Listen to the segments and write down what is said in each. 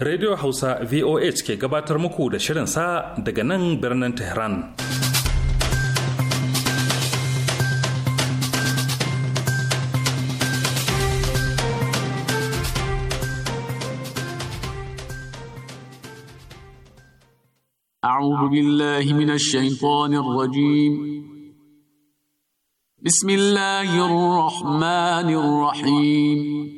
radio hausa voh ke gabatar muku da shirin daga nan birnin tehran أعوذ بالله من الشيطان الرجيم بسم الله الرحمن الرحيم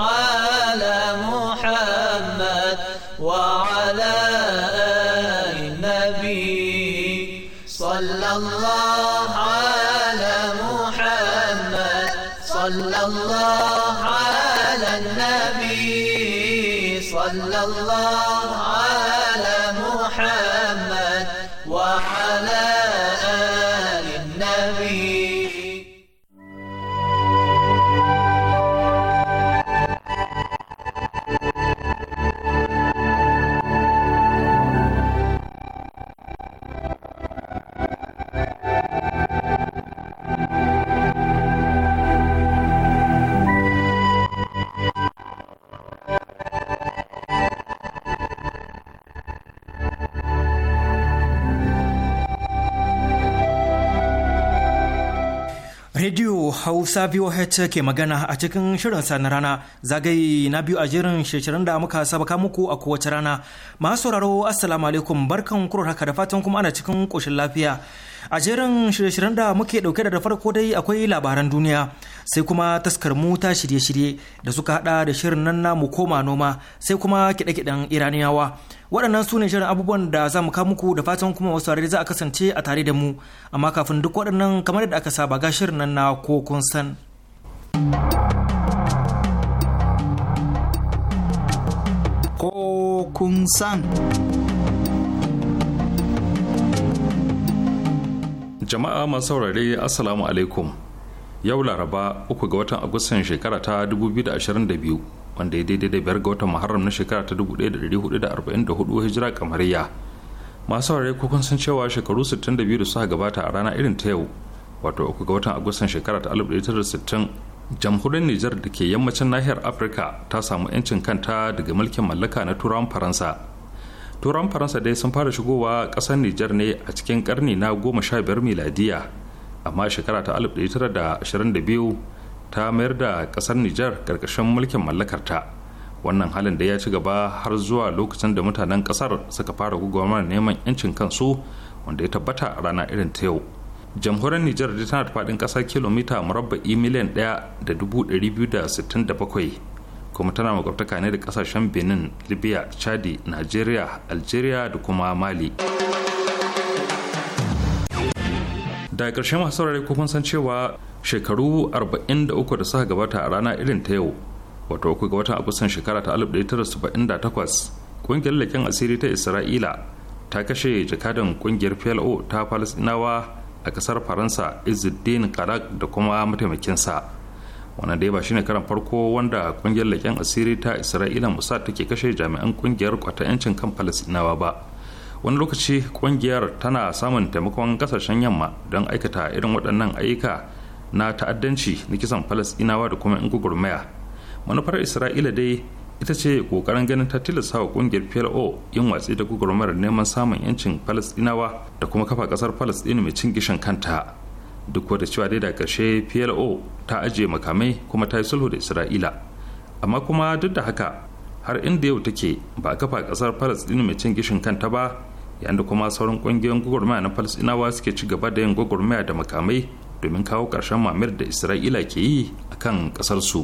الله على النبي صلى الله عليه Hausa VOH ke magana a cikin shirin sa na rana zagaye na biyu a jerin shirin da muka sabaka muku a kowace rana. Masu sauraro Assalamu alaikum barkan kurar haka da fatan kuma ana cikin koshin lafiya. A jerin shirin da muke dauke da farko dai akwai labaran duniya. sai kuma taskar mu ta shirye-shirye da suka hada da shirin nan namu koma noma sai kuma kiɗe-kiɗen iraniyawa waɗannan su ne shirin abubuwan da za mu kawo muku da fatan kuma wasu za a kasance a tare da mu amma kafin duk waɗannan kamar da aka saba ga shirin nan na ko kun san. Ko kun san. Jama'a masu saurare Assalamu alaikum. yau laraba uku ga watan agustan shekara ta 2022 wanda ya daidai da biyar ga watan muharram na shekara ta 1444 hijira kamariya masu ware kukun sun cewa shekaru 62 da suka gabata a rana irin ta yau wato uku ga watan agustan shekara ta 1960 jamhuriyar nijar da ke yammacin nahiyar afirka ta samu 'yancin kanta daga mulkin mallaka na turawan faransa turawan faransa dai sun fara shigowa kasar nijar ne a cikin karni na goma sha biyar miladiya amma shekara ta 1922 ta mayar da kasar Nijar karkashin mulkin mallakarta wannan halin da ya ci gaba har zuwa lokacin da mutanen kasar suka fara gugumar neman 'yancin kansu wanda ya tabbata rana irin ta yau jamhuriyar Nijar da tana da faɗin ƙasa kilomita murabba'i miliyan ɗaya da dubu ɗari biyu da sittin da bakwai kuma tana makwabtaka ne da ƙasashen benin libya chadi nigeria algeria da kuma mali. da ƙarshe masu saurare kuma san cewa shekaru 43 da suka gabata a rana irin ta yau wato ku ga watan abusan shekara ta 1978 ƙungiyar leƙen asiri ta isra'ila ta kashe jakadan ƙungiyar plo ta falasinawa a ƙasar faransa izuddin karak da kuma mataimakinsa wannan dai ba shine karan farko wanda ƙungiyar leƙen asiri ta isra'ila musa take kashe jami'an ƙungiyar kwata 'yancin kan falasinawa ba wani lokaci kungiyar tana samun taimakon kasashen yamma don aikata irin waɗannan ayyuka na ta'addanci na kisan falasɗinawa da kuma 'yan gugurmaya manufar isra'ila dai ita ce kokarin ganin ta tilasta wa ƙungiyar plo yin watsi da gugurmayar neman samun yancin falasɗinawa da kuma kafa ƙasar falasɗin mai cin gishin kanta duk da cewa dai da ƙarshe plo ta ajiye makamai kuma ta yi sulhu da isra'ila amma kuma duk da haka har inda yau take ba a kafa ƙasar falasɗin mai cin gishin kanta ba yanda kuma sauran kungiyoyin gwagwarmaya na falasinawa suke ci gaba da yin gwagwarmaya da makamai domin kawo ƙarshen mamir da isra'ila ke yi a kan ƙasarsu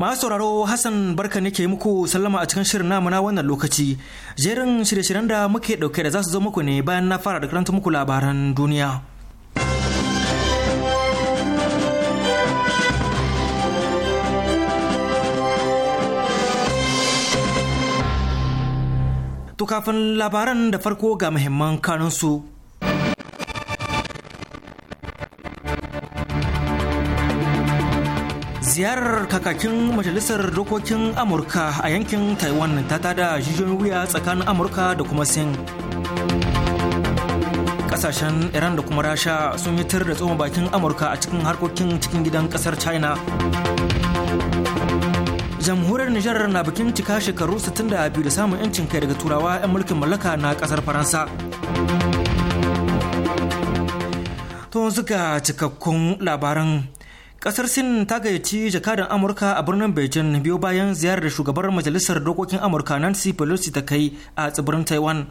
Masu sauraro Hassan barka nake muku sallama a cikin shirin namu wannan lokaci. Jerin shirye-shiryen da muke dauke da za su zo muku ne bayan na fara da karanta muku labaran duniya. To labaran da farko ga muhimman kanunsu. ziyarar kakakin majalisar dokokin amurka a yankin taiwan ta tada jijiyoyin wuya tsakanin amurka da kuma sin kasashen iran da kuma rasha sun yi tir da tsohon bakin amurka a cikin harkokin cikin gidan kasar china jamhuriyar nijar na bikin cika shekaru 62 da samun 'yancin kai daga turawa 'yan mulkin mallaka na kasar faransa to suka cikakkun labaran kasar sin ta gayyaci jakadan amurka a birnin beijing biyo bayan ziyarar da shugabar majalisar dokokin amurka nancy pelosi ta kai a tsibirin taiwan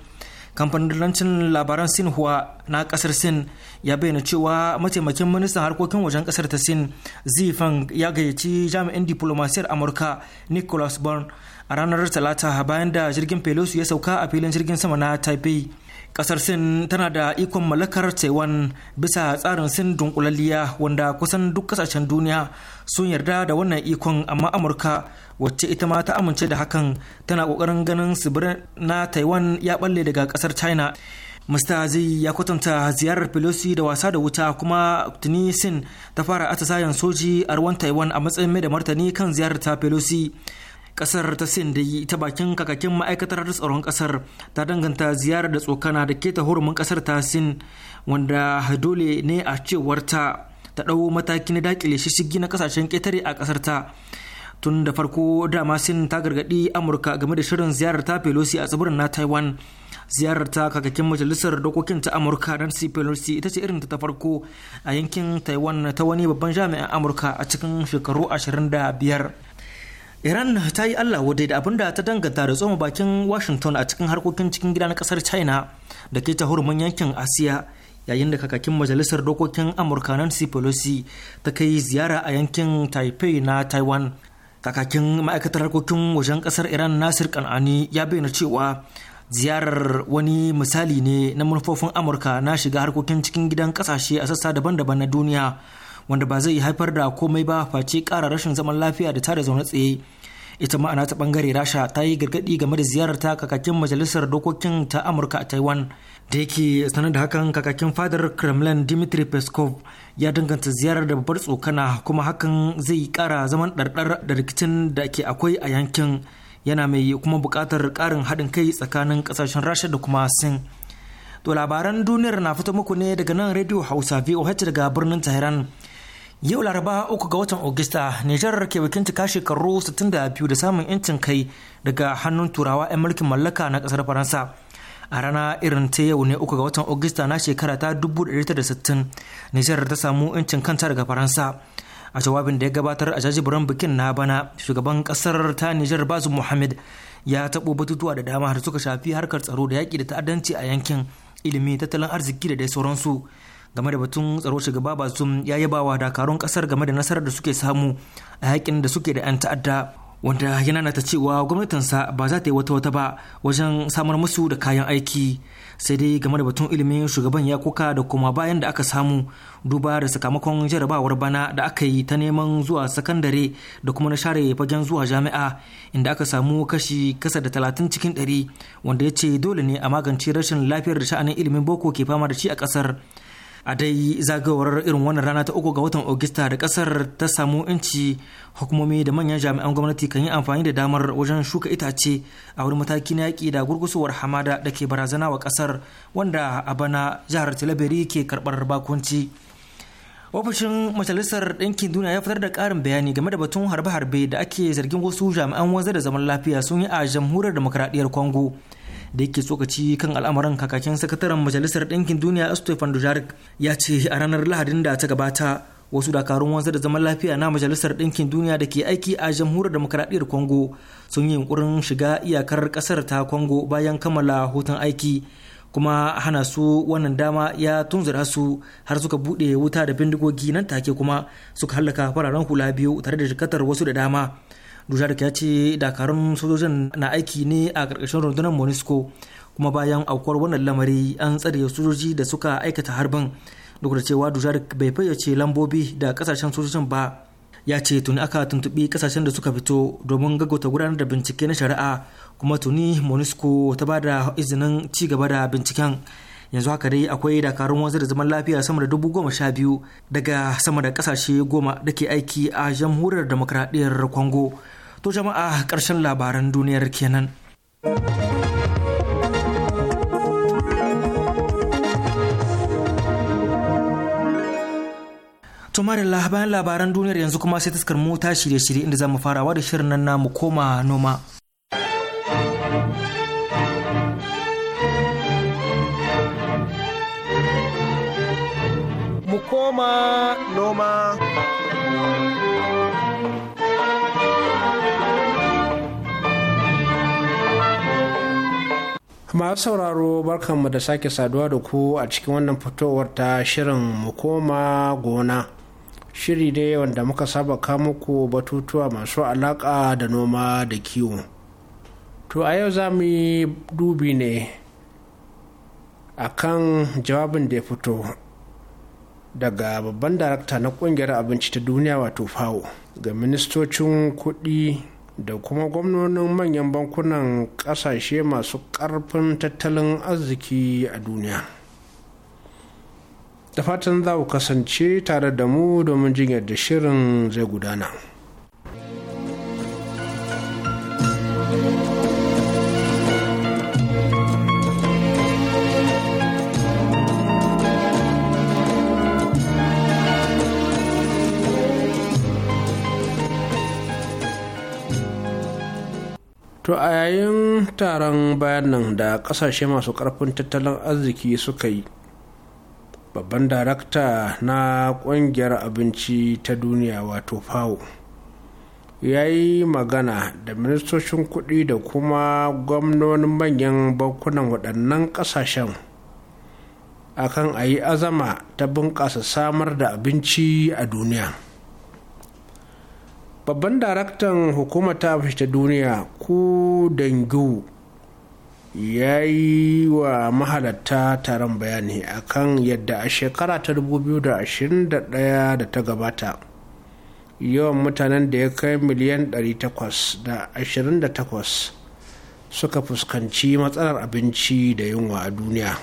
kamfanin labaran sinhua na kasar sin ya bayyana cewa mataimakin ministan harkokin wajen kasar ta sin zifan ya gayyaci jami'in diplomasiyar amurka nicholas burn a ranar talata bayan da jirgin pelosi ya sauka a filin jirgin sama na taipei kasar sin tana da ikon mallakar taiwan bisa tsarin sin dunkulaliya wanda kusan duk kasashen duniya sun yarda da wannan ikon amma amurka wacce ita ma ta amince da hakan tana kokarin ganin tsibirin na taiwan ya balle daga kasar china Mr. Zai ya kwatanta ziyarar Pelosi da wasa da wuta kuma tuni Sin ta fara atisayen soji a ruwan Taiwan a matsayin mai da martani kan ziyarar ta Pelosi. kasar ta sin da ta bakin kakakin ma'aikatar tsaron kasar ta danganta ziyarar da tsokana da keta hurumin kasar ta sin wanda dole ne a cewar ta ta ɗau mataki na dakile shishigi na kasashen ketare a kasar ta tun da farko dama sin ta gargaɗi amurka game da shirin ziyarar ta pelosi a tsibirin na taiwan ziyarar ta kakakin majalisar dokokin ta amurka nancy pelosi ita ce irinta ta farko a yankin taiwan ta wani babban jami'an amurka a cikin shekaru ashirin da biyar. iran ta yi allah wadai da abinda ta danganta da tsoma bakin washington a cikin harkokin cikin gida na kasar china da ke ta hurumin yankin asiya yayin da kakakin majalisar dokokin amurka nancy pelosi ta kai ziyara a yankin taipei na taiwan kakakin ma'aikatar harkokin wajen kasar iran nasir kan'ani ya bayyana cewa ziyarar wani misali ne na manufofin amurka na shiga harkokin cikin gidan kasashe a sassa daban-daban na duniya wanda ba zai haifar da komai ba face kara rashin zaman lafiya da tare zaune tsaye ita ma'ana ta bangare rasha ta yi gargadi game da ziyarar ta kakakin majalisar dokokin ta amurka a taiwan da yake sanar da hakan kakakin fadar kremlin dmitry peskov ya danganta ziyarar da babbar tsokana kuma hakan zai kara zaman ɗarɗar da rikicin da ke akwai a yankin yana mai kuma buƙatar ƙarin haɗin kai tsakanin ƙasashen rasha da kuma sin to labaran duniyar na fito muku ne daga nan radio hausa voh daga birnin tehran Yau Laraba uku ga watan Ogista, Nijar ke bikin cika shekaru 62 da samun 'yancin kai daga hannun turawa 'yan mulkin mallaka na kasar Faransa. A rana irin ta yau ne uku ga watan Ogista na shekara ta 1960, Nijar ta samu 'yancin kanta daga Faransa. A jawabin da ya gabatar a jajiburan bikin na bana, shugaban kasar ta Nijar Bazu Muhammad ya taɓo batutuwa da dama da suka shafi harkar tsaro da yaƙi da ta'addanci a yankin ilimi tattalin arziki da dai sauransu. game da batun tsaro shugaba bazum ya yabawa dakarun kasar game da nasarar da suke samu a yakin da suke da 'yan ta'adda wanda yana nata cewa sa ba za ta yi wata wata ba wajen samar musu da kayan aiki sai dai game da batun ilimin shugaban ya kuka da kuma bayan da aka samu duba da sakamakon jarabawar bana da aka yi ta neman zuwa sakandare da kuma na share fagen zuwa jami'a inda aka samu kashi kasa da talatin cikin ɗari wanda ya ce dole ne a magance rashin lafiyar da sha'anin ilimin boko ke fama da shi a kasar. a dai zagawar irin wannan rana ta uku ga watan Ogista da kasar ta samu inci hukumomi da manyan jami'an gwamnati kan yi amfani da damar wajen shuka itace a wurin mataki na yaƙi da gurgusowar hamada da ke barazana wa kasar wanda a bana jihar Tilaberi ke karbar bakunci. Ofishin Majalisar Ɗinkin Duniya ya fitar da ƙarin bayani game da batun harbe-harbe da ake zargin wasu jami'an wanzar da zaman lafiya sun yi a jamhuriyar demokradiyyar Congo. da yake tsokaci kan al'amuran kakakin sakataren majalisar ɗinkin duniya stephen dujarik ya ce a ranar lahadin da ta gabata wasu dakarun wanzar da zaman lafiya na majalisar ɗinkin duniya da ke aiki a jamhuriyar demokradiyyar congo sun yi yunkurin shiga iyakar ƙasar ta congo bayan kammala hutun aiki kuma hana su wannan dama ya tunzura su har suka buɗe wuta da bindigogi nan take kuma suka hallaka fararen hula biyu tare da jikatar wasu da dama dujarik ya ce dakarun sojojin na aiki ne a ƙarƙashin rundunar monisco kuma bayan aukuwar wannan lamari an tsare sojoji da suka aikata harbin duk da cewa dujarik bai fayyace lambobi da ƙasashen sojojin ba ya ce tuni aka tuntuɓi ƙasashen da suka fito domin gaggauta gudanar da bincike na shari'a kuma tuni monisco ta ba da izinin ci gaba da binciken yanzu haka dai akwai dakarun wanzu da zaman lafiya sama da dubu goma sha biyu daga sama da kasashe goma da ke aiki a jamhuriyar demokradiyyar congo To jama'a ƙarshen labaran duniyar kenan. Tumarilla bayan labaran duniyar yanzu kuma sai taskar mota shirye-shirye inda zamu farawa da shirin nan namu koma noma. Mu koma noma. masu sauraro barkanmu da sake saduwa da ku a cikin wannan fitowar ta shirin mu koma gona shiri dai wanda muka saba muku batutuwa masu alaƙa da noma da kiwo to a yau za mu yi dubi ne a kan jawabin da ya fito daga babban darakta na ƙungiyar abinci ta duniya wato fawo ga ministocin kuɗi da kuma gwamnonin manyan bankunan kasashe masu ƙarfin tattalin arziki a duniya da fatan za ku kasance tare da mu domin jin yadda shirin zai gudana. to a yayin taron bayanan da kasashe masu karfin tattalin arziki suka yi babban darakta na kungiyar abinci ta duniya wato Fawo ya yi magana da ministocin kuɗi da kuma gwamnonin manyan bankunan waɗannan ƙasashen akan a yi azama ta bunƙasa samar da abinci a duniya. babban daraktan hukumar ta ta duniya ku dangu ya yi wa mahalatta taron bayani akan yadda a shekara ta 2021 da ta gabata yawan mutanen da ya kai miliyan 828 suka fuskanci matsalar abinci da yunwa a duniya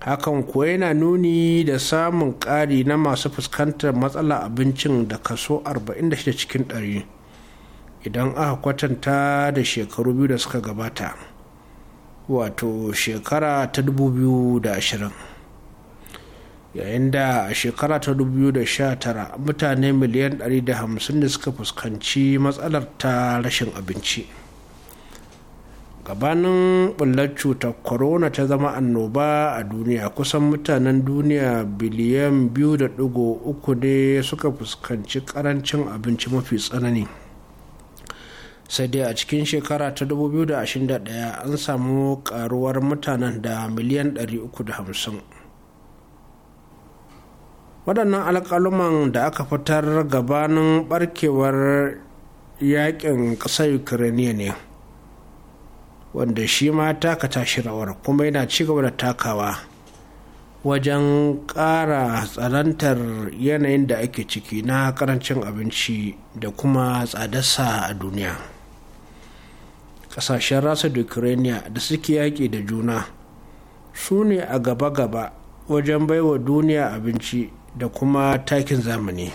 hakan kuwa yana nuni da samun ƙari na masu fuskantar matsala abincin da kaso 46 cikin 100 idan aka kwatanta da shekaru biyu da suka gabata wato shekara ta 2020 yayin da a shekara ta 2019 mutane miliyan 150 da suka fuskanci matsalar ta rashin abinci. gabanin bullar cutar corona ta zama annoba a duniya kusan mutanen duniya biliyan 2.3 ne suka fuskanci karancin abinci mafi tsanani sai dai a cikin shekara ta 2021 an samu karuwar mutanen da miliyan 350 waɗannan alƙaluman da aka fitar gabanin barkewar yaƙin ƙasar ukraine ne wanda shi ma taka tashi rawar kuma yana ci gaba da takawa wajen ƙara tsanantar yanayin da ake ciki na karancin abinci da kuma tsadarsa a duniya ƙasashen rasa da ukraine da suke yaƙi da juna su ne a gaba-gaba wajen baiwa duniya abinci da kuma takin zamani.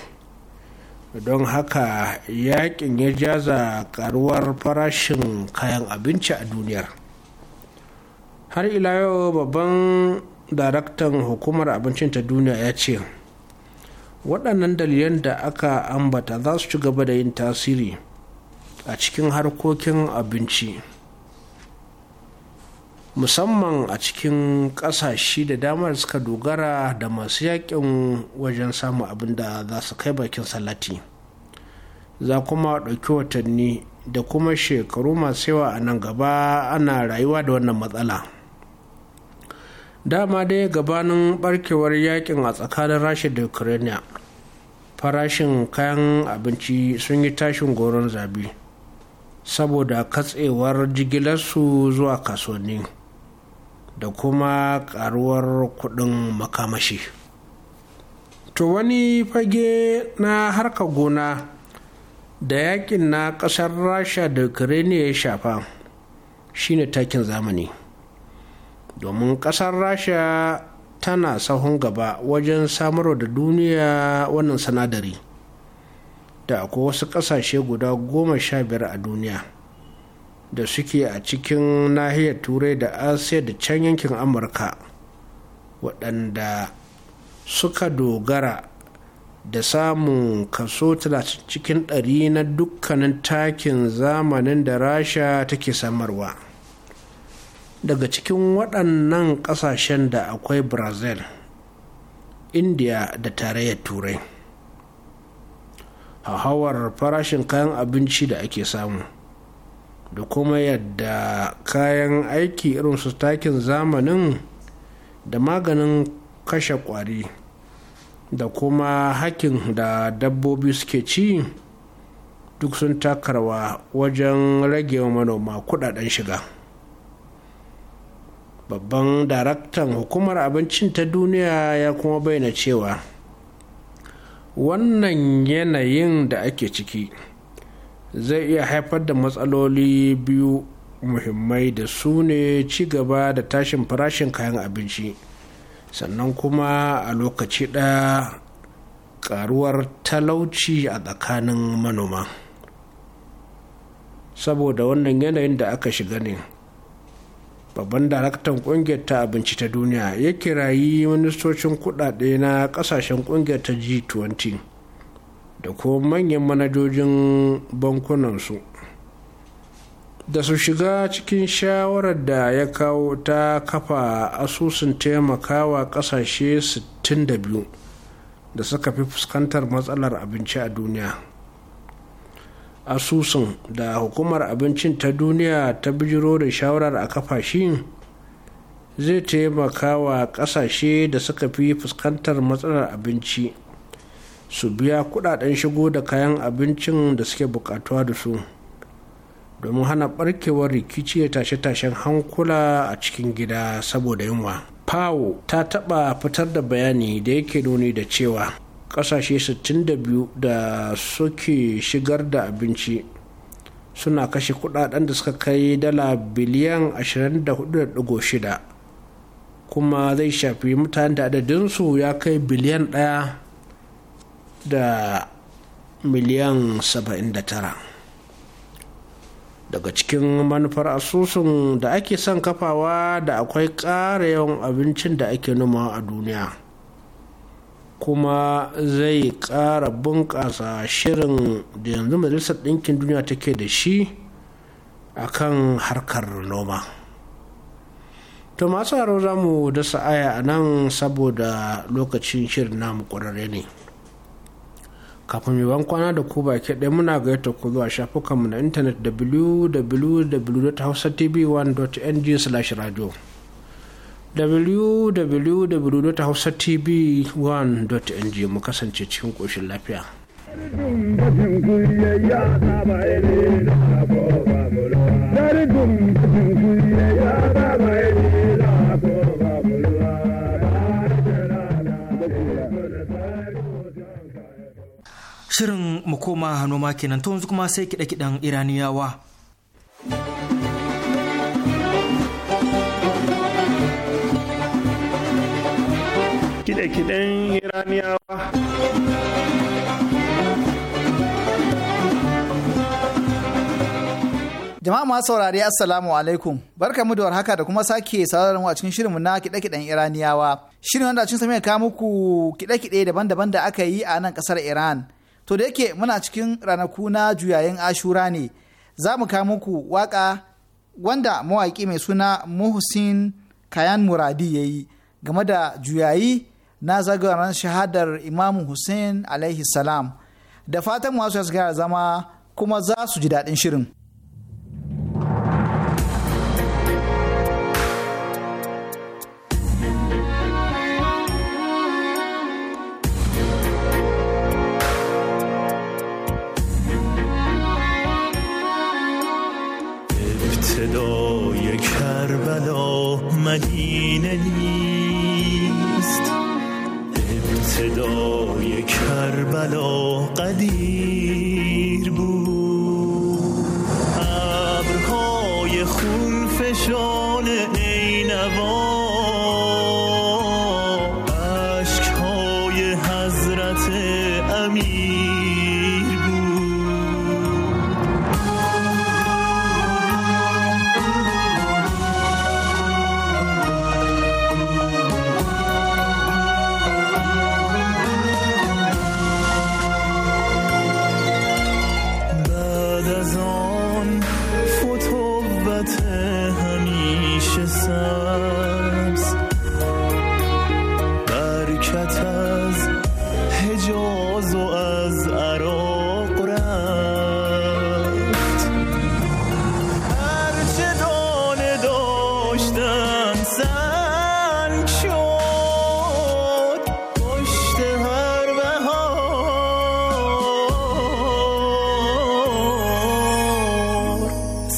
don haka yakin ya jaza karuwar farashin kayan abinci a duniyar har ila yau babban daraktan hukumar abincin ta duniya ya ce waɗannan dalilan da aka ambata za su ci gaba da yin tasiri a cikin harkokin abinci musamman a cikin ƙasashe da damar suka dogara da masu yakin wajen samun abin da za su kai bakin salati za kuma ɗauki watanni da kuma shekaru masu yawa a nan gaba ana rayuwa da wannan matsala dama dai gabanin barkewar yakin a tsakanin rasha da ukraine farashin kayan abinci sun yi tashin goron zabi saboda katsewar jigilarsu zuwa kasuwanni da kuma karuwar kuɗin makamashi to wani fage na harka gona da yakin na ƙasar rasha da ukraine ya shafa shine takin zamani domin ƙasar rasha tana sahun gaba wajen samar da duniya wannan sanadari da akwai wasu ƙasashe guda goma sha biyar a duniya da suke a cikin nahiyar turai da asiya da can yankin amurka waɗanda suka dogara da samun kaso 30 cikin ɗari na dukkanin takin zamanin da rasha take samarwa daga cikin waɗannan ƙasashen da akwai brazil india da tarayyar turai hauhawar farashin kayan abinci da ake samu da kuma yadda kayan aiki irin su takin zamanin da maganin kashe kwari da kuma hakin da dabbobi suke ci duk sun takarwa wajen rage manoma kudaden shiga babban daraktan hukumar abincin ta duniya ya kuma bayyana cewa wannan yanayin da ake ciki zai iya haifar da matsaloli biyu muhimmai da su ne ci gaba da tashin farashin kayan abinci sannan kuma a lokaci ɗaya karuwar talauci a tsakanin manoma saboda wannan yanayin da aka shiga ne babban daraktan kungiyar ta abinci ta duniya ya kirayi ministocin kudade na kasashen kungiyar ta g20 da kuma manyan manajojin bankunansu da su shiga cikin shawarar da ya kawo ta kafa asusun taimakawa kasashe 62 da suka fi fuskantar matsalar abinci a duniya asusun da hukumar abincin ta duniya ta bijiro da shawarar a kafa shi zai taimakawa wa kasashe da suka fi fuskantar matsalar abinci su biya kudaden shigo da kayan abincin da suke bukatuwa da su domin hana barkewar rikici ya tashe-tashen hankula a cikin gida saboda yunwa pawo ta taba fitar da bayani da yake nuni da cewa kasashe 62 da suke shigar da abinci suna kashe kudaden da suka kai dala biliyan 24.6 kuma zai shafi mutane da adadinsu ya kai biliyan ɗaya da miliyan 79 daga cikin manufar asusun da ake son kafawa da akwai ƙara yawan abincin da ake noma a duniya kuma zai ƙara bunƙasa shirin da yanzu majalisar ɗinkin duniya take da shi a kan harkar noma to masu haro za mu dasa aya a nan saboda lokacin shirin namu ƙwararre ne kafin mai kwana da ku baki ɗaya muna gayyata ku zuwa shafukanmu na intanet www.hausatv1.ng radio www.hausatv1.ng mu kasance cikin ƙoshin lafiya. Dari dum ya Shirin mu koma noma kenan to yanzu kuma sai kiɗe-kiɗen Iraniyawa. kiɗe kiɗan Iraniyawa. Jama'a masu saurari Assalamu alaikum. Barkamu da warhaka da kuma sake sauraron mu a cikin na kiɗe-kiɗen Iraniyawa. Shirin wanda cikin ya kawo muku kiɗe-kiɗe daban-daban da aka yi a nan ƙasar Iran to da yake muna cikin ranaku na juyayen ashura ne za mu ka muku waka wanda mawaƙi mai suna muhsin kayan muradi ya yi game da juyayi na zagayowar shahadar imamu hussein alaihi salam da fatan masu gara zama kuma za su ji daɗin shirin. مدینه نیست ابتدای کربلا قدیر بود ابرهای خون فشان عینوان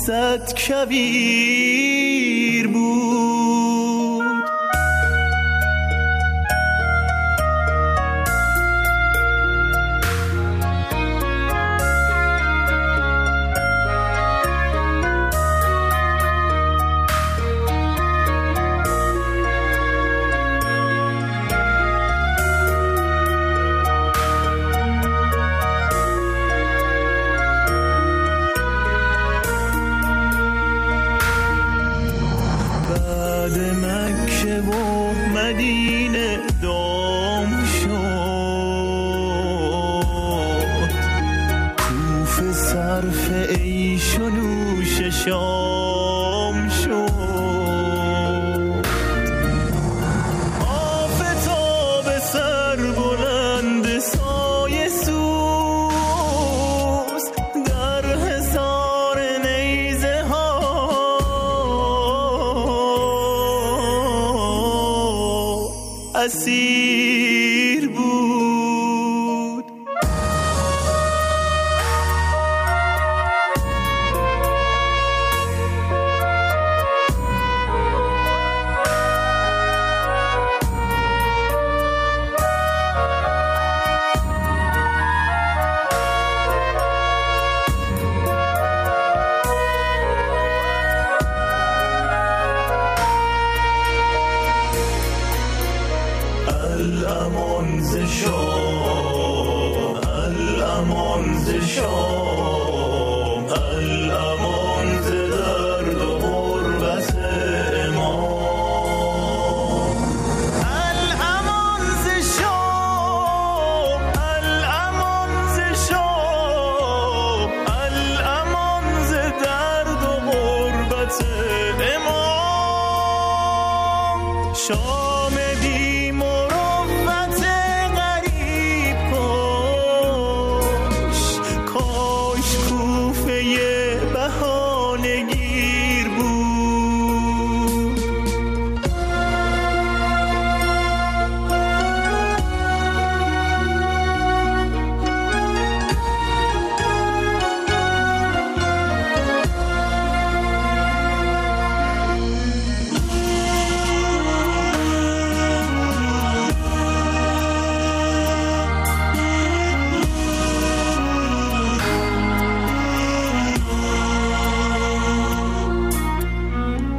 صد کبیر بود assim.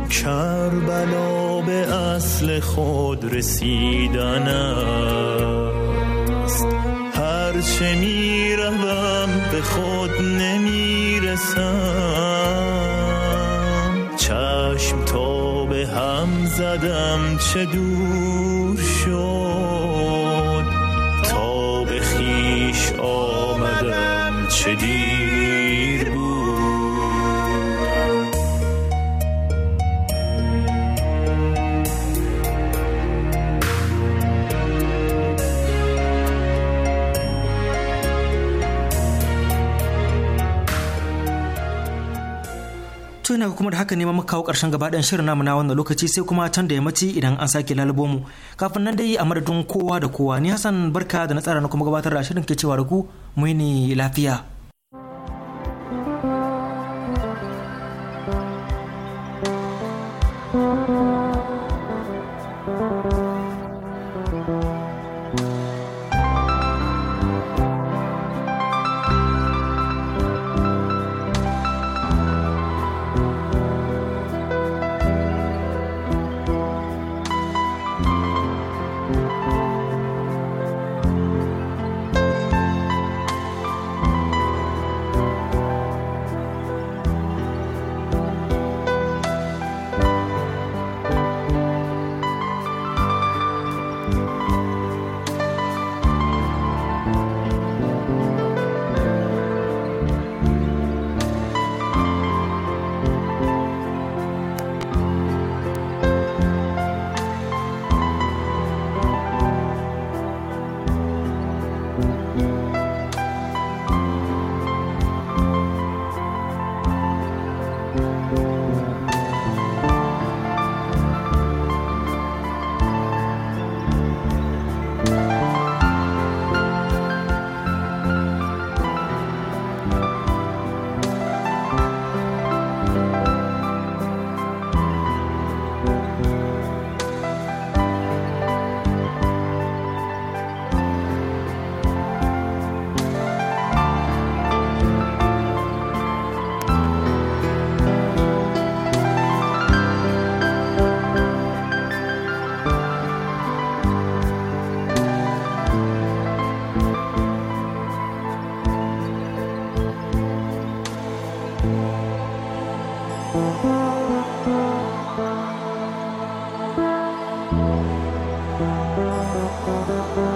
کربلا به اصل خود رسیدن است هرچه می روم به خود نمی رسم چشم تا به هم زدم چه دور ina kuma da haka ne muka kawo karshen gaba shirin namu na wannan lokaci sai kuma can da yammaci idan an sake lalubo mu kafin nan dai a madadin kowa da kowa ni Hassan barka da na tsara na kuma gabatar da shirin ke cewa da ku mu ne lafiya Thank you.